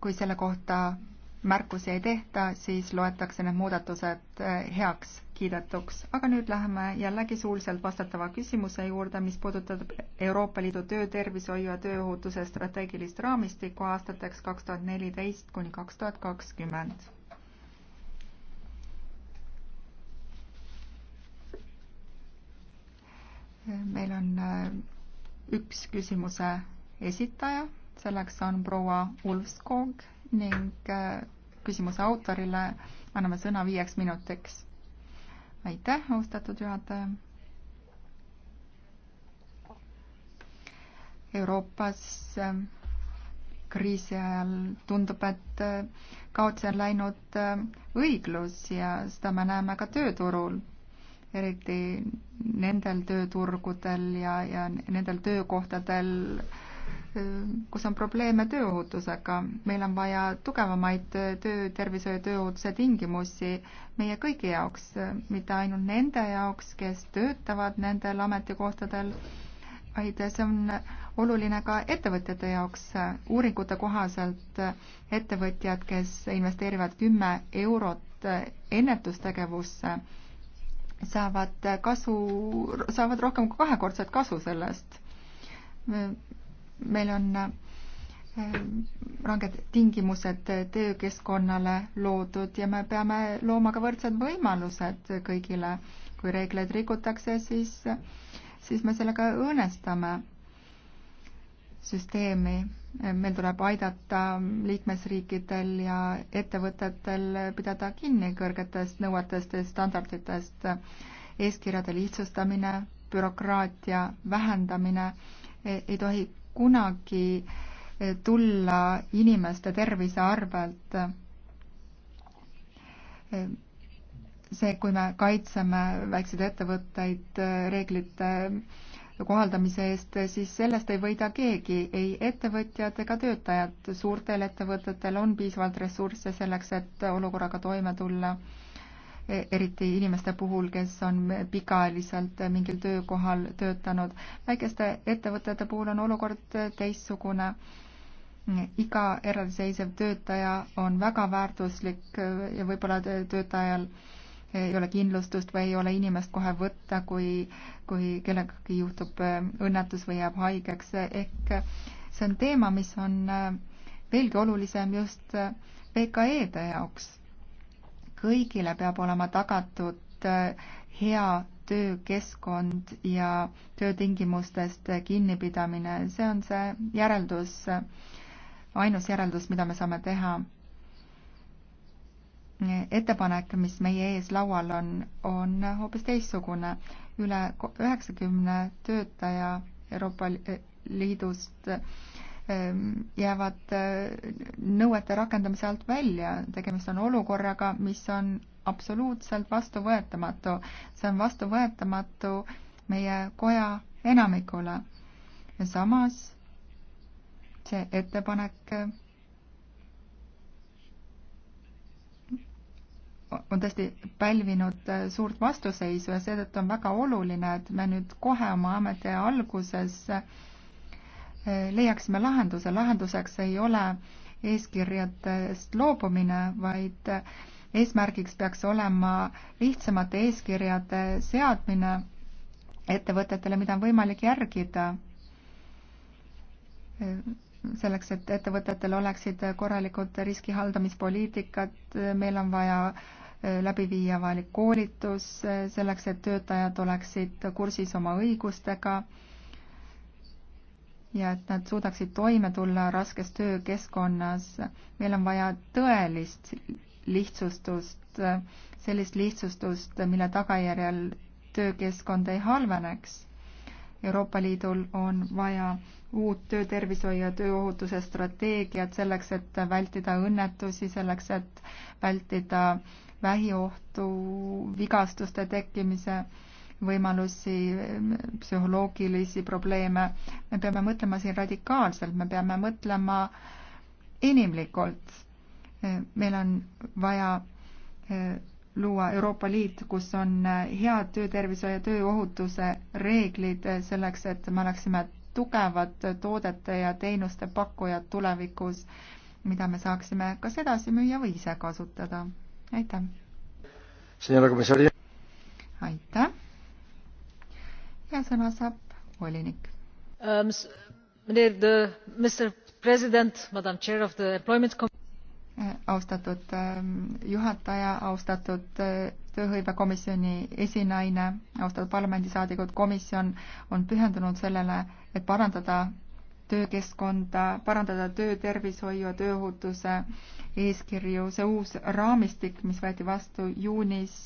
kui selle kohta märkusi ei tehta, siis loetakse need muudatused äh, heaks kiidetuks. aga nüüd läheme jällegi suuliselt vastatava küsimuse juurde, mis puudutab Euroopa Liidu töötervishoiu ja tööohutuse strateegilist raamistikku aastateks kaks tuhat neliteist kuni kaks tuhat kakskümmend. meil on äh, üks küsimuse esitaja selleks on proua Ulfskog ning äh, küsimuse autorile anname sõna viieks minutiks. aitäh, austatud juhataja. Euroopas äh, kriisi ajal tundub, et äh, kaotsi on läinud õiglus ja seda me näeme ka tööturul, eriti nendel tööturgudel ja, ja nendel töökohtadel, Äh, kus on probleeme tööohutusega. meil on vaja tugevamaid töötervishoiu ja tööohutuse tingimusi meie kõigi jaoks, äh, mitte ainult nende jaoks, kes töötavad nendel ametikohtadel, vaid see on oluline ka ettevõtjate jaoks. uuringute kohaselt ettevõtjad, kes investeerivad kümme eurot äh, ennetustegevusse, saavad kasu, saavad rohkem kui kahekordset kasu sellest meil on äh, ranged tingimused töökeskkonnale loodud ja me peame looma ka võrdsed võimalused kõigile. kui reegleid rikutakse, siis, siis me sellega õõnestame süsteemi. meil tuleb aidata liikmesriikidel ja ettevõtetel pidada kinni kõrgetest nõuetest ja standarditest. eeskirjade lihtsustamine, bürokraatia vähendamine e, ei tohi kunagi eh, tulla inimeste tervise arvelt. Eh, see, kui me kaitseme väikseid ettevõtteid eh, reeglite kohaldamise eest, siis sellest ei võida keegi, ei ettevõtjad ega töötajad. suurtel ettevõtetel on piisavalt ressursse selleks, et olukorraga toime tulla E, eriti inimeste puhul, kes on pikaajaliselt mingil töökohal töötanud. väikeste ettevõtete puhul on olukord teistsugune. iga eraldiseisev töötaja on väga väärtuslik ja võib-olla töötajal ei ole kindlustust või ei ole inimest kohe võtta, kui, kui kellegagi juhtub e, õnnetus või jääb haigeks, ehk see on teema, mis on e, veelgi olulisem just VKE-de jaoks kõigile peab olema tagatud äh, hea töökeskkond ja töötingimustest kinnipidamine, see on see järeldus, ainus järeldus, mida me saame teha. ettepanek, mis meie ees laual on, on hoopis teistsugune. üle üheksakümne töötaja Euroopa Liidust Ehm, jäävad äh, nõuete rakendamise alt välja. tegemist on olukorraga, mis on absoluutselt vastuvõetamatu. see on vastuvõetamatu meie koja enamikule. ja samas see ettepanek äh, on tõesti pälvinud äh, suurt vastuseisu ja seetõttu on väga oluline, et me nüüd kohe oma ametiaja alguses äh, leiaksime lahenduse. lahenduseks ei ole eeskirjadest loobumine, vaid eesmärgiks peaks olema lihtsamate eeskirjade seadmine ettevõtetele, mida on võimalik järgida. selleks, et ettevõtetel oleksid korralikud riskihaldamispoliitikad, meil on vaja äh, läbi viia vajalik koolitus äh, selleks, et töötajad oleksid kursis oma õigustega ja et nad suudaksid toime tulla raskes töökeskkonnas. meil on vaja tõelist lihtsustust, sellist lihtsustust, mille tagajärjel töökeskkond ei halveneks. Euroopa Liidul on vaja uut töötervishoiu ja tööohutuse strateegiat selleks, et vältida õnnetusi, selleks, et vältida vähiohtu, vigastuste tekkimise äh, võimalusi, psühholoogilisi probleeme. me peame mõtlema siin radikaalselt, me peame mõtlema inimlikult. meil on vaja eh, luua Euroopa Liit, kus on eh, head töötervishoiu ja tööohutuse reeglid eh, selleks, et me oleksime tugevad toodete ja teenuste pakkujad tulevikus, mida me saaksime kas edasi müüa või ise kasutada. aitäh! aitäh! ja sõna saab volinik um,. Eh, austatud um, juhataja, austatud eh, tööhõivekomisjoni esinaine, austatud parlamendisaadikud, komisjon on pühendunud sellele, et parandada töökeskkonda, parandada töötervishoiu ja tööohutuse eeskirju. see uus raamistik, mis võeti vastu juunis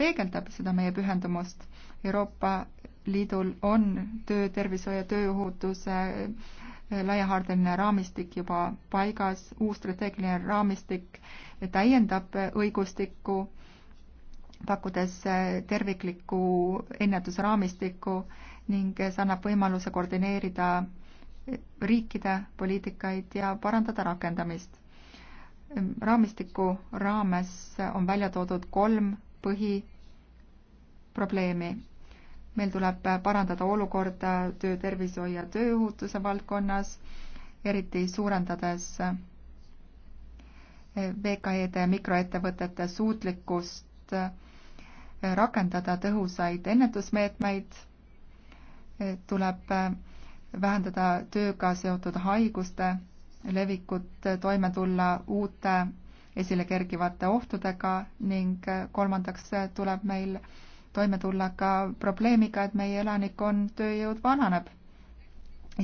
peegeldab seda meie pühendumust. Euroopa Liidul on töö, tervishoiu ja tööohutuse eh, laiahaardeline raamistik juba paigas, uus strateegiline raamistik täiendab õigustikku, pakkudes eh, terviklikku ennetusraamistikku ning eh, see annab võimaluse koordineerida riikide poliitikaid ja parandada rakendamist. raamistiku raames on välja toodud kolm põhiprobleemi. meil tuleb parandada olukorda töötervishoiu ja tööohutuse valdkonnas, eriti suurendades VKE-de mikroettevõtete suutlikkust rakendada tõhusaid ennetusmeetmeid, tuleb vähendada tööga seotud haiguste levikut, toime tulla uute esile kergivate ohtudega ning kolmandaks tuleb meil toime tulla ka probleemiga, et meie elanikkond, tööjõud vananeb.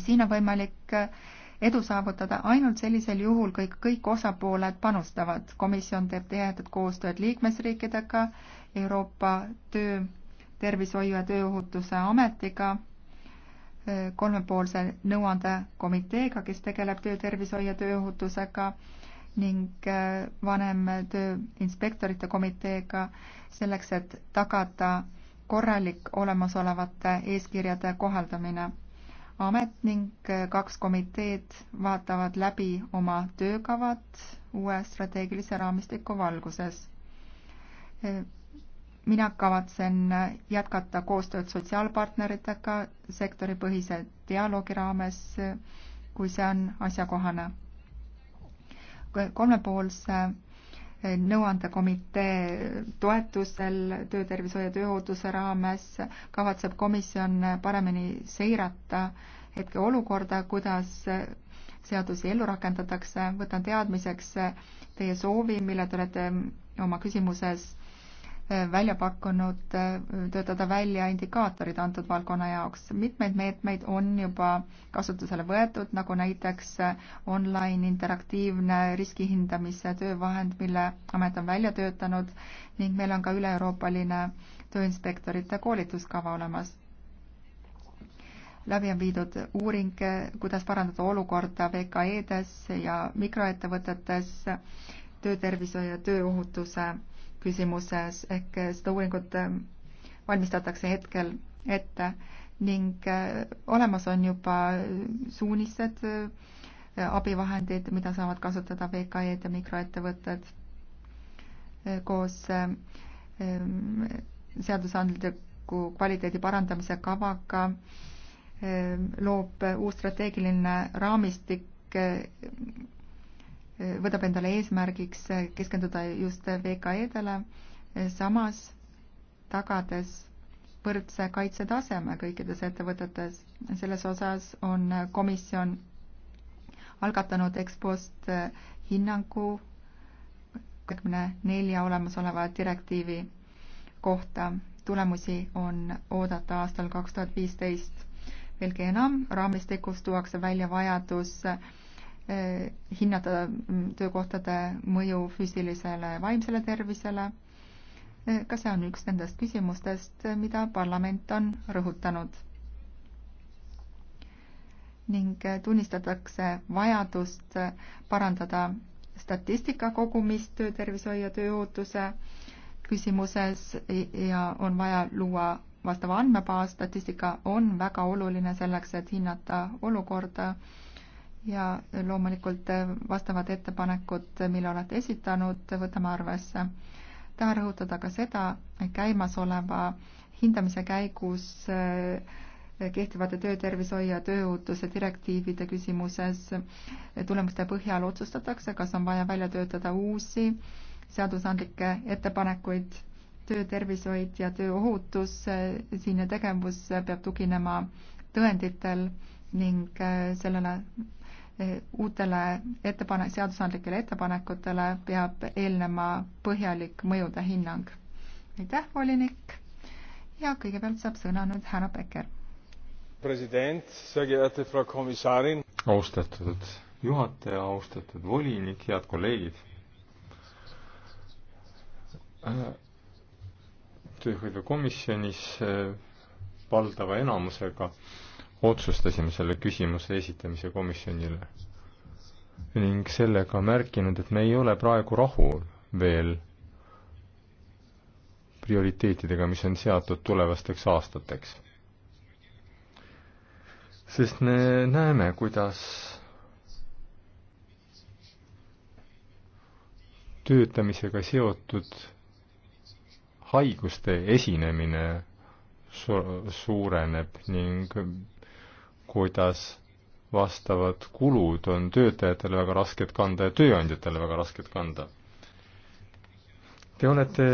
siin on võimalik edu saavutada ainult sellisel juhul, kui kõik osapooled panustavad. komisjon teeb tihedat koostööd liikmesriikidega, Euroopa Töö, Tervishoiu ja Tööohutuse Ametiga, kolmepoolse nõuandekomiteega, kes tegeleb töötervishoiu ja tööohutusega ning äh, vanem tööinspektorite komiteega selleks, et tagada korralik olemasolevate eeskirjade kohaldamine. amet ning äh, kaks komiteed vaatavad läbi oma töökavad uue strateegilise raamistiku valguses. Äh, mina kavatsen jätkata koostööd sotsiaalpartneritega sektoripõhise dialoogi raames, kui see on asjakohane kolmepoolse nõuandekomitee toetusel töötervishoiu ja tööohutuse raames kavatseb komisjon paremini seirata hetkeolukorda, kuidas seadusi ellu rakendatakse. võtan teadmiseks teie soovi, mille te olete oma küsimuses välja pakkunud äh, töötada välja indikaatorid antud valdkonna jaoks. mitmeid meetmeid on juba kasutusele võetud, nagu näiteks äh, online interaktiivne riskihindamise töövahend, mille amet on välja töötanud ning meil on ka üle-euroopaline tööinspektorite koolituskava olemas. läbi on viidud uuring, äh, kuidas parandada olukorda VKE-des ja mikroettevõtetes töötervishoiu ja tööohutuse küsimuses ehk seda uuringut ähm, valmistatakse hetkel ette ning äh, olemas on juba suunised, äh, abivahendid, mida saavad kasutada VKE-d ja mikroettevõtted äh, koos ähm, ähm, seadusandliku kvaliteedi parandamise kavaga loob uus strateegiline raamistik võtab endale eesmärgiks keskenduda just VKE-dele, samas tagades võrdse kaitsetaseme kõikides ettevõtetes. selles osas on komisjon algatanud EXPO-st hinnangu kahekümne nelja olemasoleva direktiivi kohta. tulemusi on oodata aastal kaks tuhat viisteist. veelgi enam, raamistikus tuuakse välja vajadus Eh, hinnata mm, töökohtade mõju füüsilisele ja vaimsele tervisele. Eh, ka see on üks nendest küsimustest, mida parlament on rõhutanud. ning eh, tunnistatakse vajadust parandada statistika kogumist töötervishoiu ja tööohutuse küsimuses e-, ja on vaja luua vastav andmebaas, statistika on väga oluline selleks, et hinnata olukorda äh, ja loomulikult äh, vastavad ettepanekud, äh, mille olete esitanud, võtame arvesse. tahan rõhutada ka seda, et käimasoleva hindamise käigus äh, kehtivate töötervishoiu ja tööohutuse direktiivide küsimuses tulemuste põhjal otsustatakse, kas on vaja välja töötada uusi seadusandlikke ettepanekuid. töötervishoid ja tööohutus, siinne tegevus peab tuginema tõenditel ning sellele uutele ettepane-, seadusandlikele ettepanekutele peab eelnema põhjalik mõjude hinnang. aitäh, volinik! ja kõigepealt saab sõna nüüd härra Becker. austatud juhataja, austatud volinik, head kolleegid! Äh, tööhõivekomisjonis äh, valdava enamusega äh, otsustasime selle küsimuse esitamise komisjonile ning sellega märkinud, et me ei ole praegu rahul veel prioriteetidega, mis on seatud tulevasteks aastateks. sest me näeme, kuidas töötamisega seotud haiguste esinemine su suureneb ning kuidas vastavad kulud on töötajatele väga rasked kanda ja tööandjatele väga rasked kanda. Te olete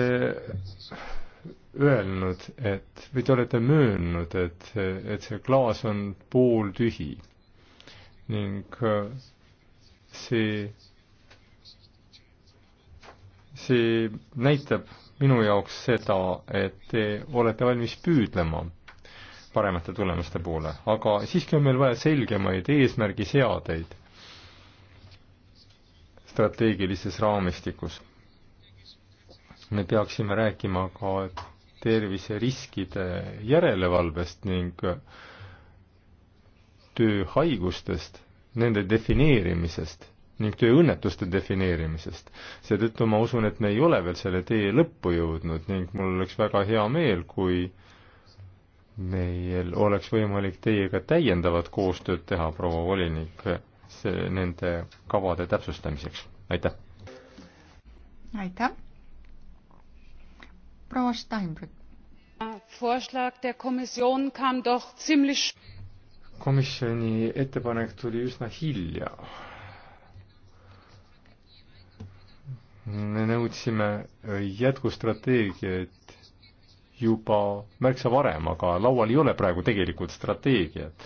öelnud, et või te olete möönnud, et, et see klaas on pooltühi ning see, see näitab minu jaoks seda, et te olete valmis püüdlema paremate tulemuste poole, aga siiski on meil vaja selgemaid eesmärgiseadeid strateegilises raamistikus. me peaksime rääkima ka terviseriskide järelevalvest ning tööhaigustest, nende defineerimisest ning tööõnnetuste defineerimisest. seetõttu ma usun, et me ei ole veel selle tee lõppu jõudnud ning mul oleks väga hea meel, kui äh, meil oleks võimalik teiega täiendavat koostööd teha, proua volinik, see nende kavade täpsustamiseks, aitäh! aitäh! proua Steinbrück. Vorschlag der Kommission kam doch ziemlich komisjoni ettepanek tuli üsna hilja. me nõudsime jätkustrateegiat juba märksa varem, aga laual ei ole praegu tegelikult strateegiat.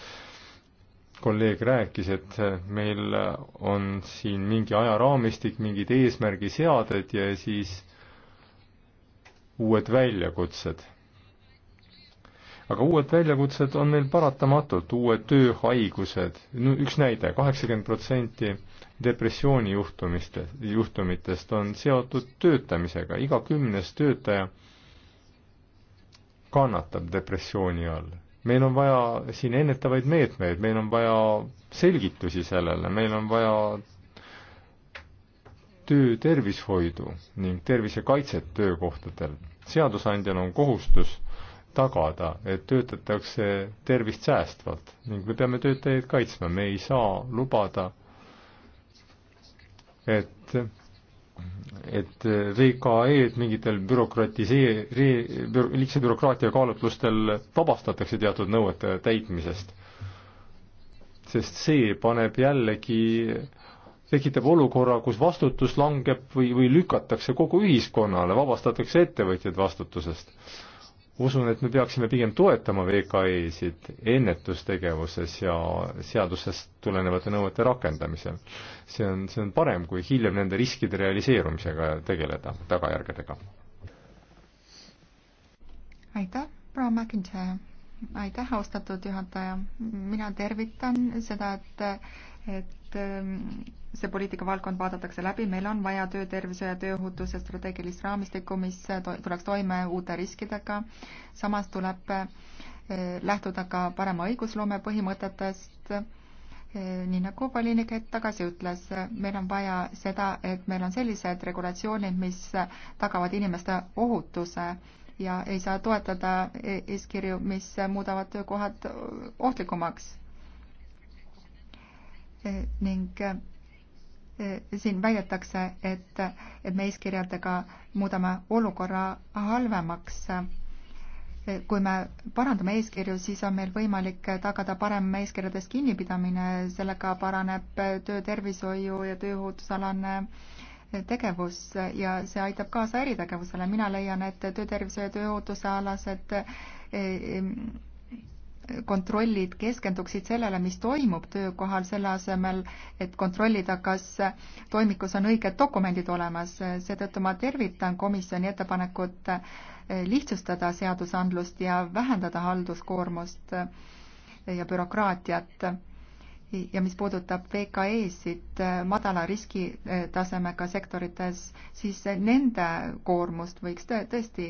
kolleeg rääkis, et meil on siin mingi ajaraamistik, mingid eesmärgiseaded ja siis uued väljakutsed. aga uued väljakutsed on meil paratamatult, uued tööhaigused, no üks näide, kaheksakümmend protsenti depressioonijuhtumiste, juhtumitest on seotud töötamisega, iga kümnes töötaja kannatab depressiooni all. meil on vaja siin ennetavaid meetmeid, meil on vaja selgitusi sellele, meil on vaja töötervishoidu ning tervisekaitset töökohtadel. seadusandjal on kohustus tagada, et töötatakse tervist säästvalt ning me peame töötajaid kaitsma, me ei saa lubada, et et eh, VKE-d mingitel bürokratisee-, büro, liigse bürokraatia kaalutlustel vabastatakse teatud nõuete täitmisest. sest see paneb jällegi, tekitab olukorra, kus vastutus langeb või, või lükatakse kogu ühiskonnale, vabastatakse ettevõtjad vastutusest usun, et me peaksime pigem toetama VKE-sid ennetustegevuses ja seadusest tulenevate nõuete rakendamisel. see on, see on parem, kui hiljem nende riskide realiseerumisega tegeleda, tagajärgedega. aitäh, proua McIntyre. aitäh, austatud juhataja. mina tervitan seda, et, et Ehm, see poliitikavaldkond vaadatakse läbi, meil on vaja töötervise ja tööohutuse strateegilist raamistikku, mis tuleks toime uute riskidega. samas tuleb eh, lähtuda ka parema õigusloome põhimõtetest. Eh, nii nagu volinik hetk tagasi ütles, meil on vaja seda, et meil on sellised regulatsioonid, mis tagavad inimeste ohutuse ja ei saa toetada e-, eeskirju, mis muudavad töökohad eh, ohtlikumaks Eh, ning eh, siin väidetakse, et, et me eeskirjadega muudame olukorra halvemaks. Eh, kui me parandame eeskirju, siis on meil võimalik tagada parem eeskirjadest kinnipidamine, sellega paraneb töötervishoiu ja tööohutusalane tegevus ja see aitab kaasa äritegevusele. mina leian, et töötervishoiu ja tööohutuse alased kontrollid keskenduksid sellele, mis toimub töökohal, selle asemel, et kontrollida, kas toimikus on õiged dokumendid olemas. seetõttu ma tervitan komisjoni ettepanekut lihtsustada seadusandlust ja vähendada halduskoormust ja bürokraatiat. ja mis puudutab VKE-sid madala riskitasemega sektorites, siis nende koormust võiks tõesti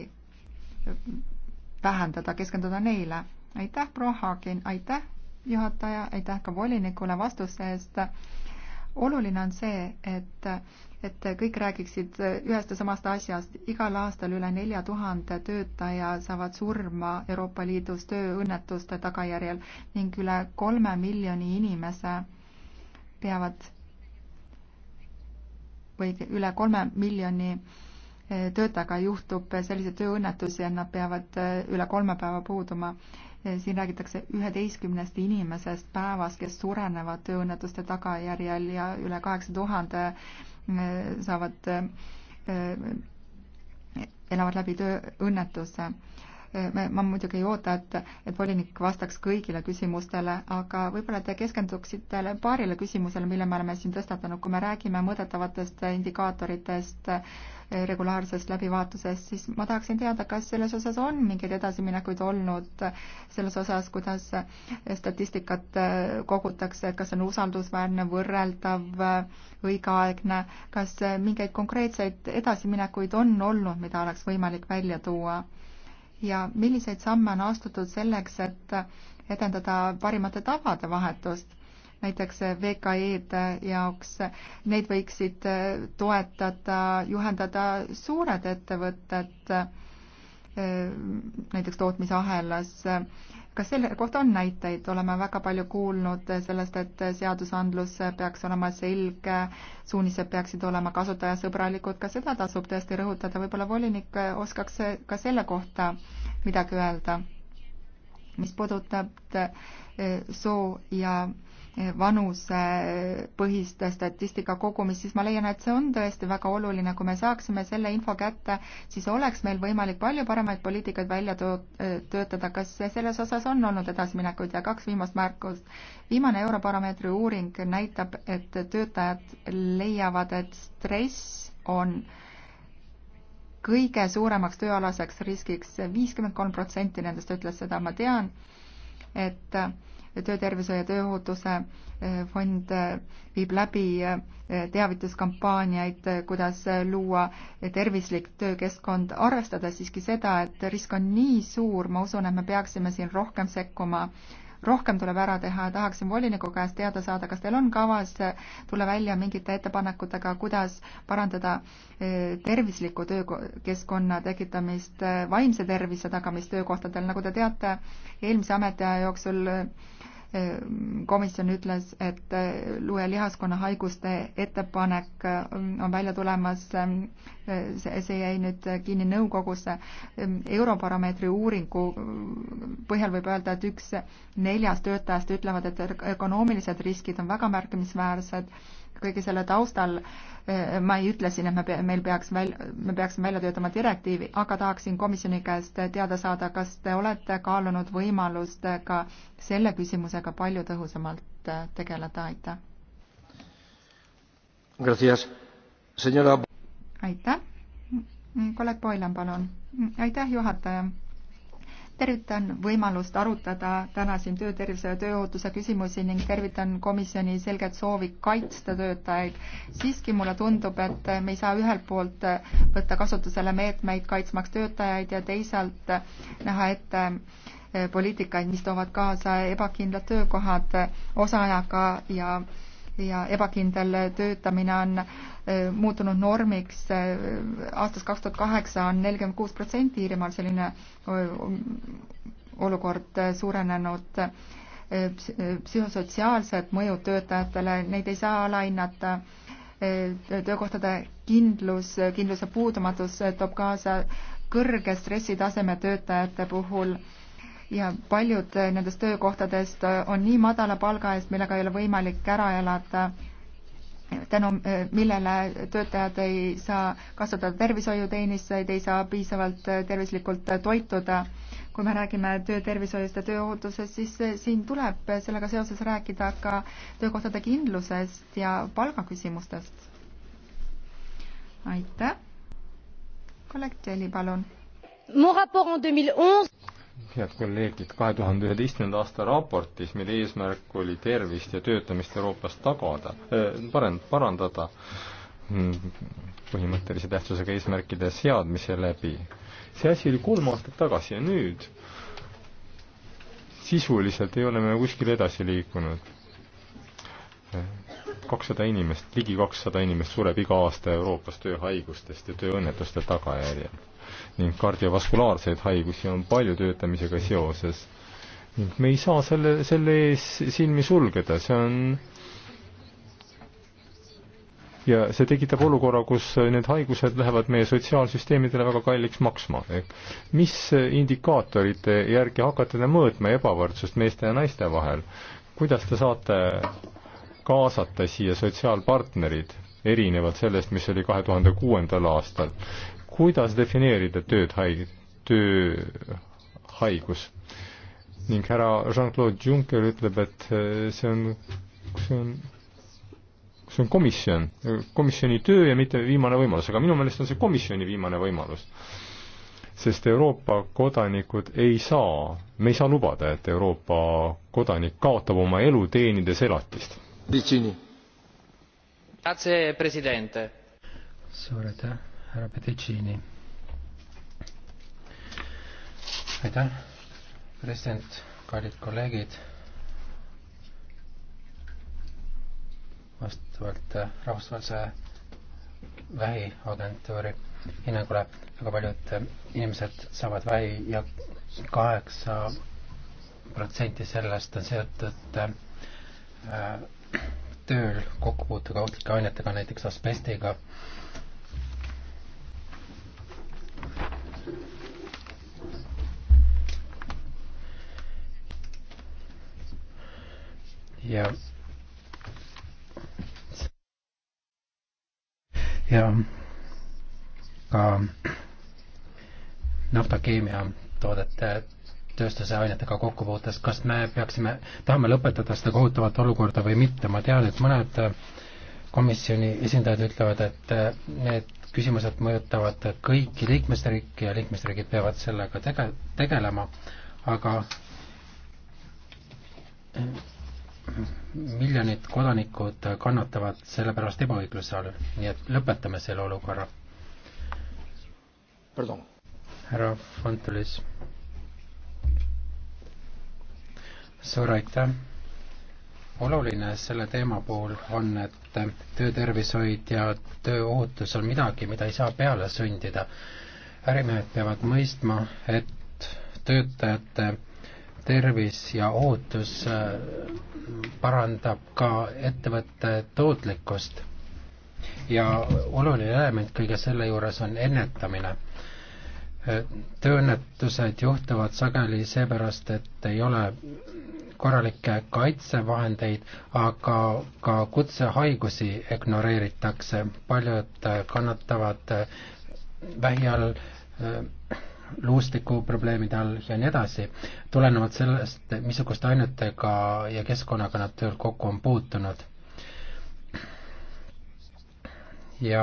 vähendada, keskenduda neile aitäh, proua Haagin, aitäh, juhataja, aitäh ka volinikule vastuse eest. oluline on see, et, et kõik räägiksid ühest ja samast asjast. igal aastal üle nelja tuhande töötaja saavad surma Euroopa Liidus tööõnnetuste tagajärjel ning üle kolme miljoni inimese peavad või üle kolme miljoni eh, töötajaga juhtub selliseid tööõnnetusi, et nad peavad eh, üle kolme päeva puuduma Eh, siin räägitakse üheteistkümnest inimesest päevas, kes surenevad tööõnnetuste tagajärjel ja üle kaheksa tuhande eh, saavad, eh, elavad läbi tööõnnetuse. ma muidugi ei oota, et, et volinik vastaks kõigile küsimustele, aga võib-olla te keskenduksite paarile küsimusele, mille me oleme siin tõstatanud, kui me räägime mõõdetavatest indikaatoritest, regulaarsest läbivaatusest, siis ma tahaksin teada, kas selles osas on mingeid edasiminekuid olnud, selles osas, kuidas statistikat äh, kogutakse, kas on usaldusväärne, võrreldav, äh, õigeaegne, kas äh, mingeid konkreetseid edasiminekuid on olnud, mida oleks võimalik välja tuua? ja milliseid samme on astutud selleks, et edendada parimate tavade vahetust? näiteks VKE-de jaoks, neid võiksid äh, toetada, juhendada suured ettevõtted äh, näiteks tootmisahelas. kas selle kohta on näiteid, oleme väga palju kuulnud sellest, et seadusandlus peaks olema selge, suunised peaksid olema kasutajasõbralikud, ka seda tasub tõesti rõhutada, võib-olla volinik oskaks ka selle kohta midagi öelda. mis puudutab äh, soo ja vanusepõhist eh, statistika kogumist, siis ma leian, et see on tõesti väga oluline, kui me saaksime selle info kätte, siis oleks meil võimalik palju paremaid poliitikaid välja eh, töötada, kas selles osas on olnud edasiminekuid ja kaks viimast märkust. viimane Eurobaromeetri uuring näitab, et töötajad leiavad, et stress on kõige suuremaks tööalaseks riskiks, viiskümmend kolm protsenti nendest ütles seda, ma tean, et äh, töötervishoiu ja tööohutuse eh, fond eh, viib läbi eh, teavituskampaaniaid, kuidas luua tervislik töökeskkond, arvestades siiski seda, et risk on nii suur, ma usun, et me peaksime siin rohkem sekkuma äh, rohkem tuleb ära teha ja tahaksin voliniku käest teada saada, kas teil on kavas tulla välja mingite ettepanekutega, kuidas parandada eh, tervisliku töökeskkonna tekitamist, eh, vaimse tervise tagamist töökohtadel, nagu te teate, eelmise ametiaja jooksul eh, komisjon ütles, et äh, luu- ja lihaskonna haiguste ettepanek äh, on välja tulemas, ähm, see jäi nüüd kinni nõukogusse. Ähm, Europarameetri uuringu äh, põhjal võib öelda, et üks neljast töötajast ütlevad, et er-, ökonoomilised riskid on väga märkimisväärsed kõige selle taustal eh, ma ei ütle siin, et me, meil peaks väl-, me peaksime välja töötama direktiivi, aga tahaksin komisjoni käest teada saada, kas te olete kaalunud võimalust ka selle küsimusega palju tõhusamalt eh, tegeleda, aitäh. aitäh, kolleeg Boylan, palun. aitäh, juhataja tervitan võimalust arutada täna siin töötervise ja tööohutuse küsimusi ning tervitan komisjoni selget soovi kaitsta töötajaid. siiski mulle tundub, et me ei saa ühelt poolt võtta kasutusele meetmeid kaitsmaks töötajaid ja teisalt näha ette eh, poliitikaid, mis toovad kaasa ebakindlad töökohad osaajaga ja ja ebakindel töötamine on äh, muutunud normiks. Äh, aastast kaks tuhat kaheksa on nelikümmend kuus protsenti Iirimaal selline olukord äh, suurenenud. psühhosotsiaalsed mõjud töötajatele, neid ei saa alahinnata. töökohtade kindlus, kindluse puudumatus toob kaasa kõrge stressitaseme töötajate puhul ja paljud nendest töökohtadest on nii madala palga eest, millega ei ole võimalik ära elada, tänu millele töötajad ei saa kasutada tervishoiuteenistujaid, ei saa piisavalt tervislikult toituda. kui me räägime töötervishoiust ja tööohutusest, siis siin tuleb sellega seoses rääkida ka töökohtade kindlusest ja palgaküsimustest. aitäh. kolleeg Tšeli, palun head kolleegid, kahe tuhande üheteistkümnenda aasta raportis, mille eesmärk oli tervist ja töötamist Euroopas tagada äh,, parem, parandada mm, põhimõttelise tähtsusega eesmärkide seadmise läbi. see asi oli kolm aastat tagasi ja nüüd sisuliselt ei ole me kuskile edasi liikunud äh, kakssada inimest, ligi kakssada inimest sureb iga aasta Euroopas tööhaigustest ja tööõnnetuste tagajärjel. ning kardiovaskulaarseid haigusi on palju töötamisega seoses. ning me ei saa selle, selle ees silmi sulgeda, see on ja see tekitab olukorra, kus need haigused lähevad meie sotsiaalsüsteemidele väga kalliks maksma. mis indikaatorite järgi hakkate te mõõtma ebavõrdsust meeste ja naiste vahel? kuidas te saate kaasata siia sotsiaalpartnerid, erinevalt sellest, mis oli kahe tuhande kuuendal aastal. kuidas defineerida tööd haig-, tööhaigus? ning härra Jean-Claude Juncker ütleb, et eh, see on, see on, see on komisjon, komisjoni töö ja mitte viimane võimalus, aga minu meelest on see komisjoni viimane võimalus sest Euroopa kodanikud ei saa, me ei saa lubada, et Euroopa kodanik kaotab oma elu, teenides elatist suur aitäh, härra Pedicini. aitäh, president, kallid kolleegid. vastavalt äh, rahvusvahelise vähiagentuuri hinnangule väga paljud äh, inimesed saavad vähi ja kaheksa protsenti sellest on seotud äh, tööl kokkupuutega ohtlike ainetega, näiteks asbestiga. ja ja ka naftakeemia toodete tööstuse ainetega kokkupuutes, kas me peaksime, tahame lõpetada seda kohutavat olukorda või mitte, ma tean, et mõned komisjoni esindajad ütlevad, et eh, need küsimused mõjutavad kõiki liikmesriike ja liikmesriigid peavad sellega tege-, tegelema, aga eh, miljonid kodanikud kannatavad selle pärast ebaõigluse all, nii et lõpetame selle olukorra. härra Fontulis suur aitäh! oluline selle teema puhul on, et töötervishoid ja tööohutus on midagi, mida ei saa peale sundida. ärimehed peavad mõistma, et töötajate tervis ja ohutus äh, parandab ka ettevõtte tootlikkust. ja oluline element kõige selle juures on ennetamine äh, tööõnnetused juhtuvad sageli seepärast, et ei ole korralikke kaitsevahendeid, aga ka kutsehaigusi ignoreeritakse, paljud äh, kannatavad äh, vähi all, äh, luustikuprobleemide all ja nii edasi, tulenevalt sellest, missuguste ainetega ja keskkonnaga nad tööl kokku on puutunud. ja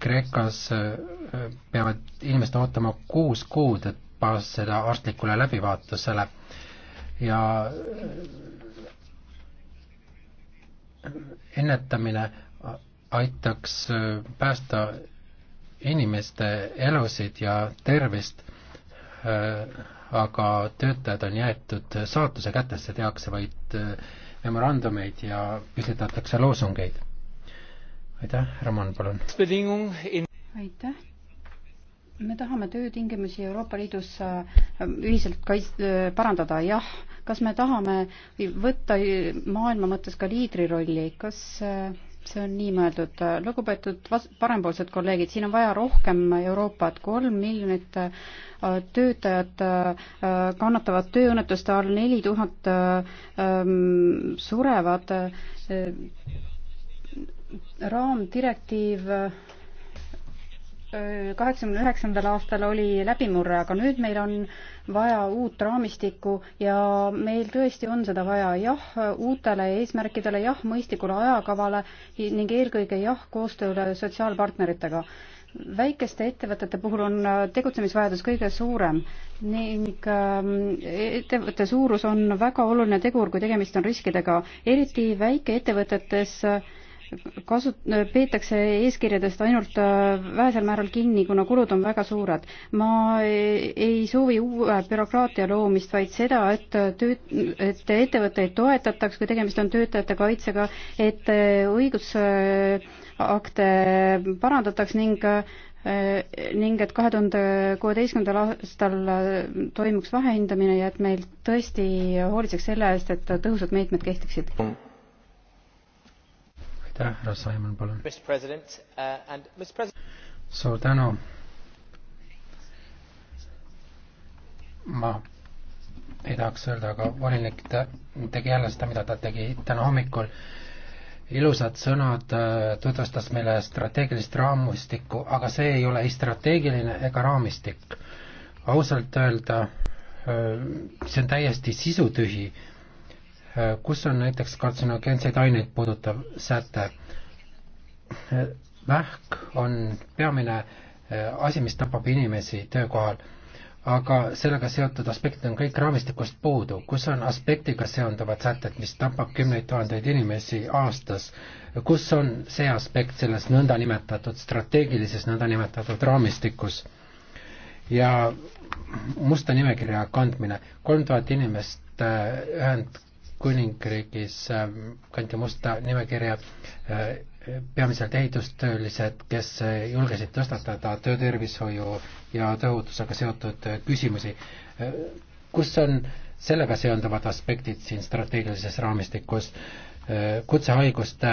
Kreekas peavad inimesed ootama kuus kuud, et seda arstlikule läbivaatusele ja äh, ennetamine aitaks äh, päästa inimeste elusid ja tervist, äh, aga töötajad on jäetud saatuse kätesse, tehakse vaid memorandumeid ja püstitatakse loosungeid. aitäh, Ramon, palun! aitäh! me tahame töötingimusi Euroopa Liidus äh, ühiselt kais-, äh, parandada, jah. kas me tahame võtta maailma mõttes ka liidrirolli, kas äh, see on nii mõeldud, lugupeetud parempoolsed kolleegid, siin on vaja rohkem Euroopat, kolm miljonit töötajat kannatavad tööõnnetuste all, neli tuhat ähm, surevad, raamdirektiiv kaheksakümne üheksandal aastal oli läbimurre, aga nüüd meil on vaja uut raamistikku ja meil tõesti on seda vaja, jah, uutele eesmärkidele, jah, mõistlikule ajakavale ning eelkõige jah, koostööle sotsiaalpartneritega. väikeste ettevõtete puhul on äh, tegutsemisvajadus kõige suurem ning ähm, ettevõtte suurus on väga oluline tegur, kui tegemist on riskidega, eriti väikeettevõtetes et äh, kasu-, peetakse eeskirjadest ainult äh, vähesel määral kinni, kuna kulud on väga suured. ma e-, ei soovi uue bürokraatia loomist, vaid seda, et tööt-, et ettevõtteid toetataks, kui tegemist on töötajate kaitsega, et äh, õigusakte parandataks ning äh, ning et kahe tuhande kuueteistkümnendal aastal toimuks vahehindamine ja et meil tõesti hoolitseks selle eest, et tõhusad meetmed kehtiksid aitäh, härra Simon, palun. Uh, suur tänu. ma ei tahaks öelda, aga volinik te, tegi jälle seda, mida ta tegi täna hommikul. ilusad sõnad, uh, tutvustas meile strateegilist raamistikku, aga see ei ole ei strateegiline ega raamistik. ausalt öelda, uh, see on täiesti sisutühi Äh, kus on näiteks kartsinogeenseid aineid puudutav säte. Äh, vähk on peamine äh, asi, mis tapab inimesi töökohal, aga sellega seotud aspektid on kõik raamistikust puudu, kus on aspektiga seonduvad sätted, mis tapab kümneid tuhandeid inimesi aastas, kus on see aspekt selles nõndanimetatud strateegilises nõndanimetatud raamistikus ja musta nimekirja kandmine, kolm tuhat inimest Ühendkuningriigis Kuningriigis ähm, kanti musta nimekirja äh, peamiselt ehitustöölised, kes äh, julgesid tõstatada töötervishoiu ja tööohutusega seotud äh, küsimusi. kus on sellega seonduvad aspektid siin strateegilises raamistikus, kutsehaiguste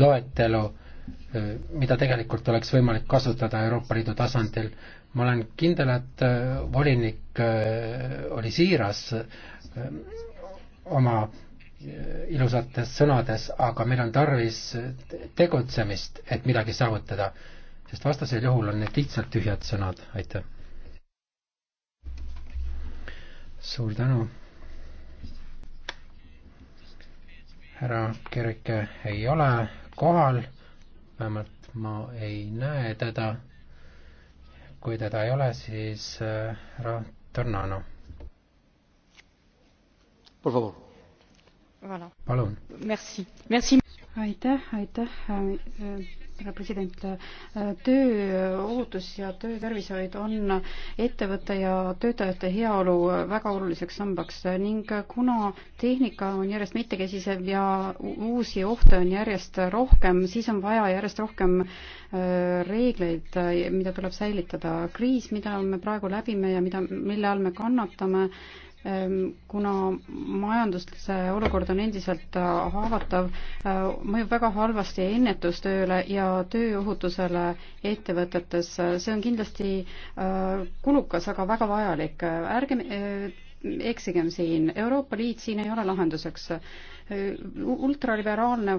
loetelu, mida tegelikult oleks võimalik kasutada Euroopa Liidu tasandil. ma olen kindel, et volinik oli siiras oma eh, ilusates sõnades, aga meil on tarvis tegutsemist, et midagi saavutada, sest vastasel juhul on need lihtsalt tühjad sõnad, aitäh. suur tänu. härra Kerike ei ole kohal, vähemalt ma ei näe teda. kui teda ei ole, siis eh, härra Tornano palun! aitäh, aitäh, härra president. tööohutus ja töötervishoid on ettevõtte ja töötajate heaolu väga oluliseks sambaks ning kuna tehnika on järjest mitmekesisev ja uusi ohte on järjest rohkem, siis on vaja järjest rohkem äh, reegleid, mida tuleb säilitada. kriis, mida me praegu läbime ja mida, mille all me kannatame, Ehm, kuna majanduse olukord on endiselt äh, haavatav, äh, mõjub väga halvasti ennetustööle ja tööohutusele ettevõtetes. Äh, see on kindlasti kulukas, aga väga vajalik. ärgem eksigem siin, Euroopa Liit siin ei ole lahenduseks. ultraliberaalne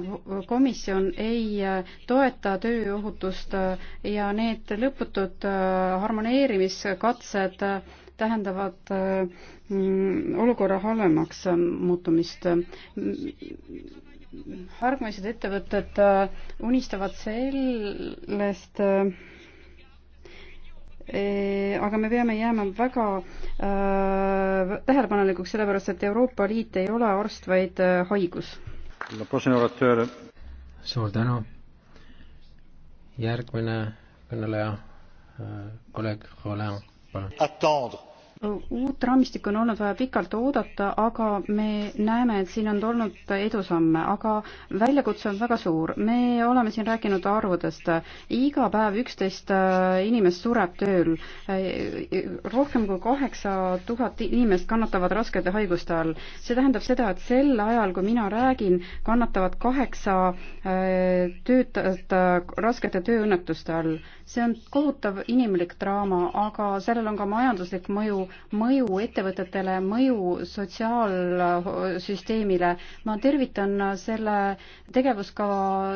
komisjon ei toeta tööohutust ja need lõputud harmoneerimiskatsed äh, tähendavad mm, olukorra halvemaks muutumist. hargmaised ettevõtted äh, unistavad sellest äh, eh, aga me peame jääma väga äh, tähelepanelikuks, sellepärast et Euroopa Liit ei ole arst, vaid äh, haigus. suur tänu. järgmine kõneleja äh,, kolleeg Roland, palun uut raamistikku on olnud vaja pikalt oodata, aga me näeme, et siin on olnud edusamme, aga väljakutse on väga suur. me oleme siin rääkinud arvudest. iga päev üksteist äh, inimest sureb tööl. Äh, rohkem kui kaheksa tuhat inimest kannatavad raskete haiguste all. see tähendab seda, et sel ajal, kui mina räägin, kannatavad kaheksa äh, töötajat raskete tööõnnetuste all. see on kohutav inimlik draama, aga sellel on ka majanduslik mõju mõju ettevõtetele, mõju sotsiaalsüsteemile. ma tervitan selle tegevuskava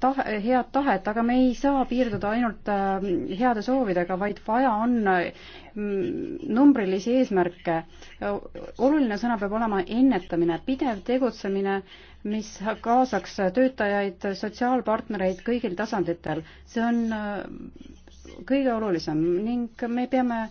tahe, head tahet, aga me ei saa piirduda ainult äh, heade soovidega, vaid vaja on mm, numbrilisi eesmärke. oluline sõna peab olema ennetamine, pidev tegutsemine, mis kaasaks töötajaid, sotsiaalpartnereid kõigil tasanditel. see on äh, kõige olulisem ning me peame äh,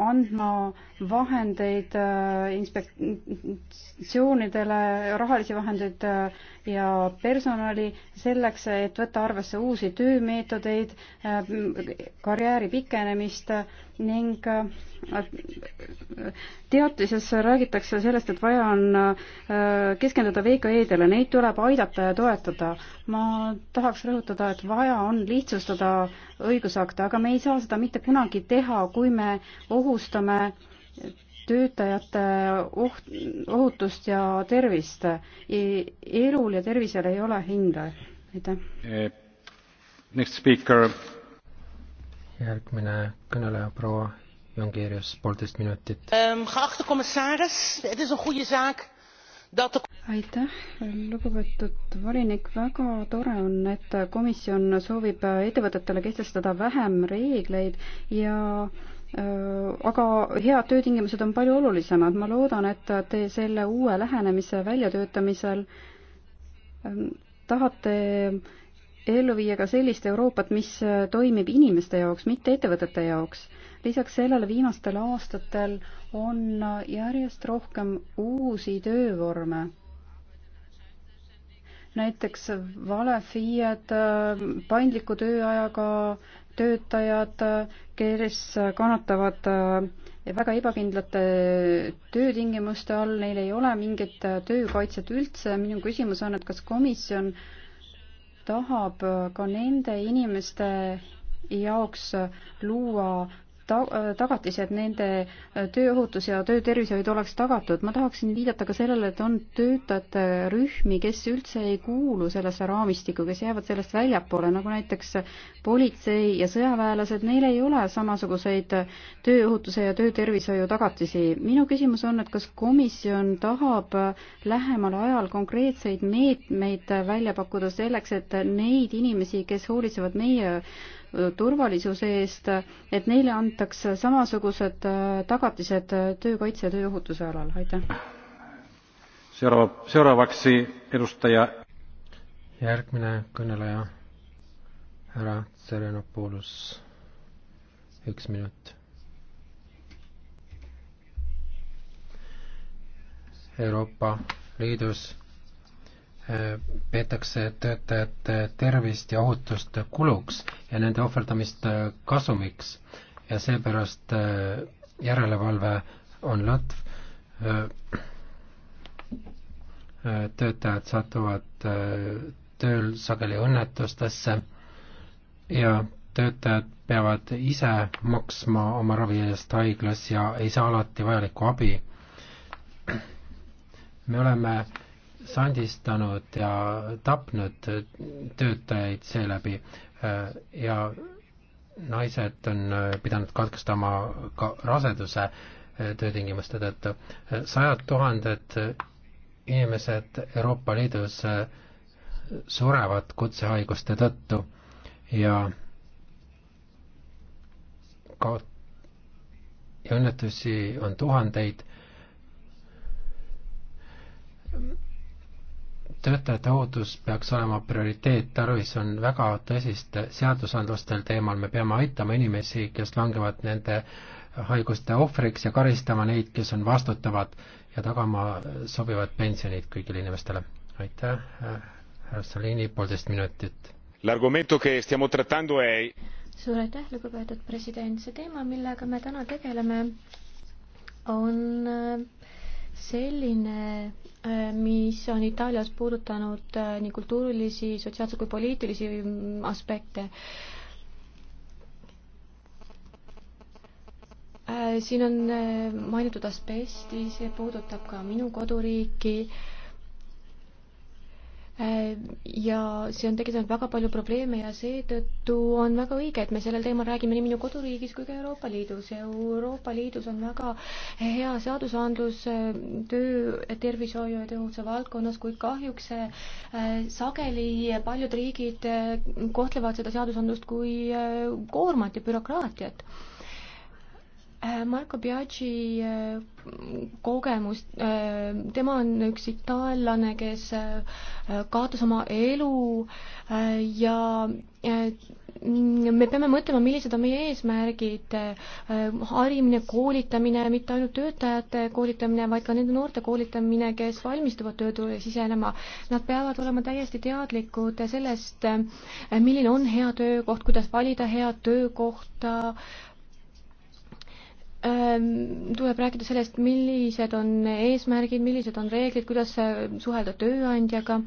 andma vahendeid äh, inspektsioonidele, rahalisi vahendeid äh, ja personali selleks, et võtta arvesse uusi töömeetodeid, äh, karjääri pikenemist ning teatises räägitakse sellest, et vaja on keskenduda VKE-dele, neid tuleb aidata ja toetada. ma tahaks rõhutada, et vaja on lihtsustada õigusakte, aga me ei saa seda mitte kunagi teha, kui me ohu ohustame töötajate oht, ohutust ja tervist. elul ja tervisel ei ole hinda. aitäh. Eh, next speaker. järgmine kõneleja, proua Jongeerius, poolteist minutit um,. Geachte commissaris, het is een goede zaak dat de aitäh, lugupeetud volinik, väga tore on, et komisjon soovib ettevõtetele kehtestada vähem reegleid ja Äh, aga head töötingimused on palju olulisemad. ma loodan, et te selle uue lähenemise väljatöötamisel ähm, tahate ellu viia ka sellist Euroopat, mis äh, toimib inimeste jaoks, mitte ettevõtete jaoks. lisaks sellele viimastel aastatel on äh, järjest rohkem uusi töövorme. näiteks valefiied, paindliku tööajaga töötajad, kes kannatavad äh, väga ebakindlate töötingimuste all, neil ei ole mingit äh, töökaitset üldse. minu küsimus on, et kas komisjon tahab äh, ka nende inimeste jaoks luua ta-, tagatised nende äh, tööohutus ja töötervishoid oleks tagatud. ma tahaksin viidata ka sellele, et on töötajate rühmi, kes üldse ei kuulu sellesse raamistikku, kes jäävad sellest väljapoole, nagu näiteks politsei ja sõjaväelased, neil ei ole samasuguseid tööohutuse ja töötervishoiu tagatisi. minu küsimus on, et kas komisjon tahab lähemal ajal konkreetseid meetmeid välja pakkuda selleks, et neid inimesi, kes hoolitsevad meie turvalisuse eest, et neile antaks samasugused äh, tagatised äh, töökaitse ja tööohutuse alal, aitäh. seuraavaksi edustaja. järgmine kõneleja, härra Tserenopoulos, üks minut. Euroopa Liidus peetakse töötajate tervist ja ohutust kuluks ja nende ohverdamist kasumiks ja seepärast äh, järelevalve on latv. Äh, äh, töötajad satuvad tööl sageli õnnetustesse ja töötajad peavad ise maksma oma ravi eest haiglas ja ei saa alati vajalikku abi. me oleme äh, sandistanud ja tapnud töötajaid seeläbi ja naised on pidanud katkestama ka raseduse töötingimuste tõttu. sajad tuhanded inimesed Euroopa Liidus surevad kutsehaiguste tõttu ja kaot-, ja õnnetusi on tuhandeid töötajate ohutus peaks olema prioriteet, tarvis on väga tõsist seadusandlustel teemal, me peame aitama inimesi, kes langevad nende haiguste ohvriks ja karistama neid, kes on vastutavad ja tagama sobivad pensionid kõigile inimestele. aitäh, härra Salini, poolteist minutit. suur aitäh, lugupeetud president, see teema, millega me täna tegeleme, on äh, selline, äh, mis on Itaalias puudutanud äh, nii kultuurilisi, sotsiaalseid kui poliitilisi mm, aspekte. Äh, siin on mainitud asbesti, see puudutab ka minu koduriiki ja see on tekitanud väga palju probleeme ja seetõttu on väga õige, et me sellel teemal räägime nii minu koduriigis kui ka Euroopa Liidus. Euroopa Liidus on väga hea seadusandlus töö, tervishoiu ja tööohutuse valdkonnas, kuid kahjuks äh, sageli paljud riigid äh, kohtlevad seda seadusandlust kui äh, koormat ja bürokraatiat Äh, Marco Biagi äh, kogemus, äh, tema on üks itaallane, kes kaotas oma elu ja me peame mõtlema, millised on meie eesmärgid, harimine, koolitamine, mitte ainult töötajate koolitamine, vaid ka nende noorte koolitamine, kes valmistuvad tööturule sisenema. Nad peavad olema täiesti teadlikud sellest, milline on hea töökoht, kuidas valida head töökohta Ähm, tuleb rääkida sellest, millised on eesmärgid, millised on reeglid, kuidas äh, suhelda tööandjaga.